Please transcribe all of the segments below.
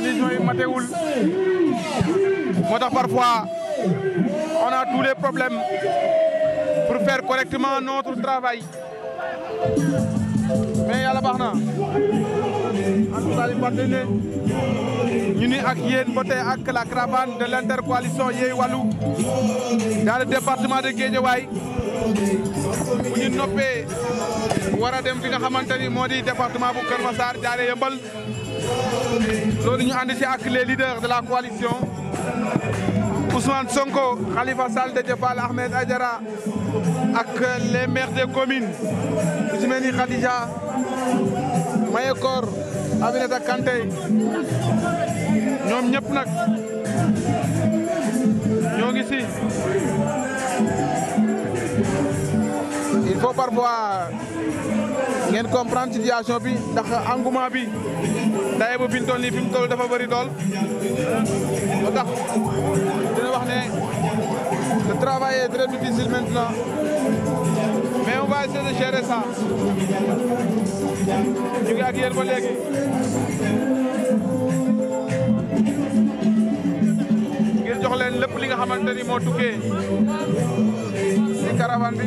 conditions yi matewul parfois on a tous les problèmes pour faire correctement notre travail mais yàlla baax na en tout cas les partenaires, ñu ni ak yéen ba ak la caravane de l'intercoalition Yewwi dans le département de Guédiawaye bu ñu noppee war a dem fi nga xamante ni département bu Kër Massar jaaree yëmbal nous ñu ànd ci les leaders de la coalition Ousmane Sonko Khalifa Sall Déthié Ahmed Adjara, avec les maires des communes ku ci Khadija Mayekor Aminata Kanté nous sommes ici. ñoo ngi il faut parfois ngeen comprendre situation bi ndax bi daye bu biñ toll nii mu toll dafa bëri lool ba tax dina wax ne le travail est très difficile maintenant mais on va essayer de gérer ak yéen ba léegi ngir jox leen lépp li nga xamante ni moo tukkee bi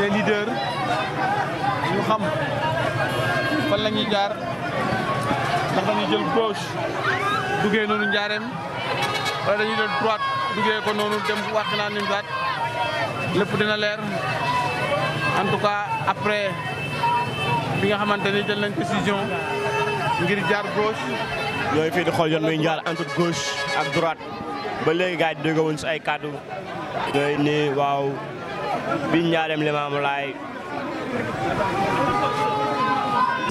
des leaders ñu xam fan lañuy jaar ndax dañuy jël gauche duggé nonu ndiarém wala dañuy jël droite duggé ko nonu dem wax na ñu daat lepp dina lèr en tout cas après bi nga xamanteni jël nañ décision ngir jaar gauche. yoy fi di xol yon muy jaar entre gauche ak droite ba légui gaay dégg déggoo ci ay cadeau ñooy ni waw biñ ñaareem limaamu laay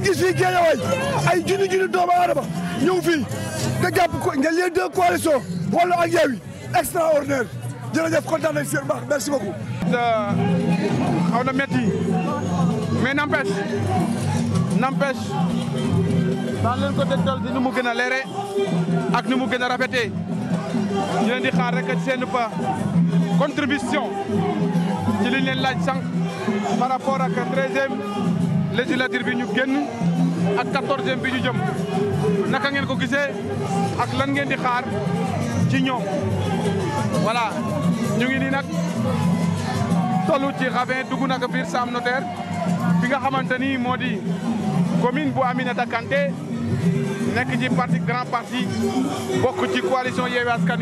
gis fii Géejawaay ay junni junni doomu aadama ñëw fii nga jàpp ko nga les deux coalitions wala ak Yewwi extraordinaire jërëjëf kontaan na seen baax merci beaucoup xaw na metti mais n'empêche n'empêche daan leen ko dégtal si nu mu gën a leere ak nu mu gën a rafetee ñu leen di xaar rek seen ba contribution ci liñ leen laaj sànq par rapport ak treizième législature bi ñu génn ak quatorzième bi ñu jëm naka ngeen ko gisee ak lan ngeen di xaar ci ñoom voilà ñu ngi nii nag tollu ci xamee dugg naka biir Sam Notaire bi nga xamante ni moo di commune bu Aminata Kanté nekk ci parti grand parti bokk ci coalition Yewwi Askan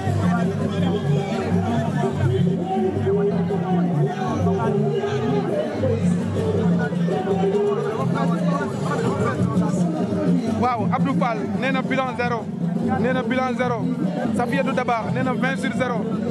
waaw Abdou Fall nee na bilan zéro nee na bilan zéro Safiatou Dabakh nee na 20 sur 0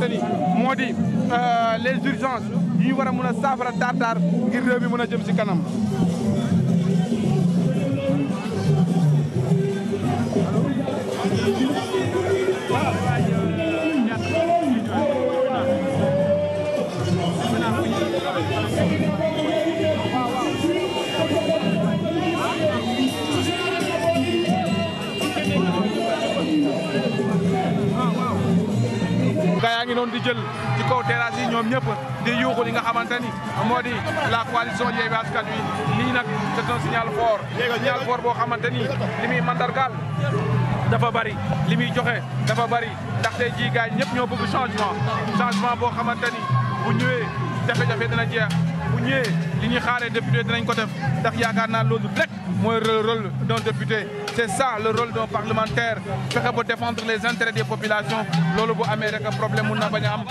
te ni moo di euh, les urgences yi ñu war a mën a saafara tartar ngir réew mi mun a jëm si kanam. noonu di jël ci kaw terrasse yi ñoom ñëpp di yuuxu li nga xamante ni moo di la coalition Yewwi Askan Wi lii nag c'est un signal fort signal fort boo xamante ni li muy mandargaal dafa bari li muy joxe dafa bari ndax tey jii gars ñëpp ñoo bëgg changement changement boo xamante ni bu ñëwee jafe-jafe dina jeex ñëwee li ñuy xaaree député dinañ ko def ndax yaakaar rôle d'un député c'est ça le rôle d'un parlementaire fexe ba défendre les intérêts des populations loolu bu amee rek problème on na pas a am.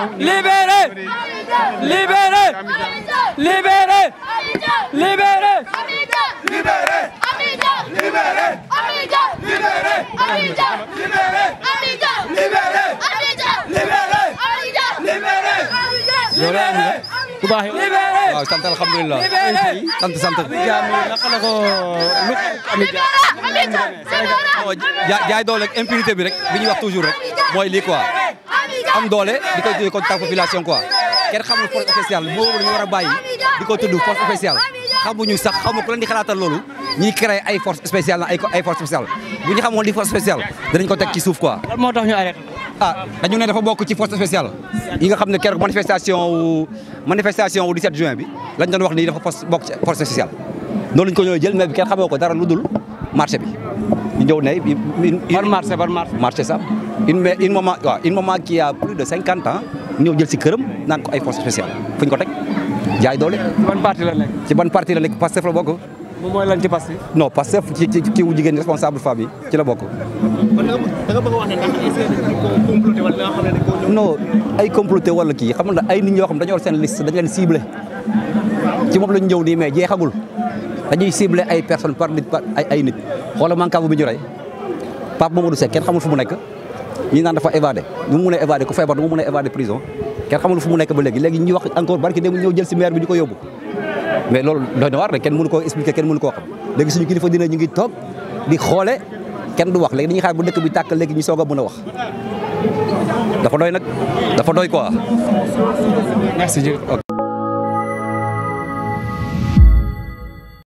Libérez Libérez Libérez Libérez Libérez Libérez Libérez waaw sant alhamdulilah. sant sant. jaay doole ak impunité bi rek bi ñuy wax toujours rek mooy lii quoi. am doole di ko di ko tax population quoi kenn xamul force spéciale moo la ñu war a bàyyi di ko tudd force spéciale xamuñu sax xamu ku leen di xalaatal loolu ñuy créé ay force spéciale ay ay force spéciale bu ñu xamoon li force spéciale danañ ko teg ci suuf quoi. moo tax ñu ah dañu ne dafa bokk ci force spéciale yi nga xam ne keroog manifestation wu manifestation wu 17 juin bi lañ doon wax nii dafa force bokk ci force spéciale noonu lañ ko ñoo jël mais bi kenn xamoo ko dara lu dul marché bi. ñëw ne par marché par marché marché sax une une maman waaw une maman qui a plus de cinquante ans ñëw jël si këram naan ay force spéciale fu ñu ko teg jaay doole. ci ban ci ban parti la nekk Pastef la bokk. moom mooy lan ci Pastef. non Pastef ci ci kii wu jigéen responsable femme yi ci la bokk. kon ay comploté wala kii xam na ay nit ñoo xam dañoo war seen liste dañ leen ciblé ci moom lañ ñëw nii mais jeexagul. dañuy ciblé ay personnes par nit par ay nit xoolal Mankabu bi ñu rey Pape Mamadou Seck kenn xamul fu mu nekk ñi naan dafa évadé du mu mun a évadé ku feebar du mu mun mu nekk ba léegi léegi ñuy wax encore barki dem ñëw jël si maire bi di ko yóbbu mais loolu doy na kenn mënu koo expliqué kenn mënu koo xam léegi suñu kilifa dina ñu ngi toog di xoole kenn du wax léegi dañuy xaar bu dëkk bi tàkk léegi ñu soog a mën a wax dafa doy nag dafa doy quoi merci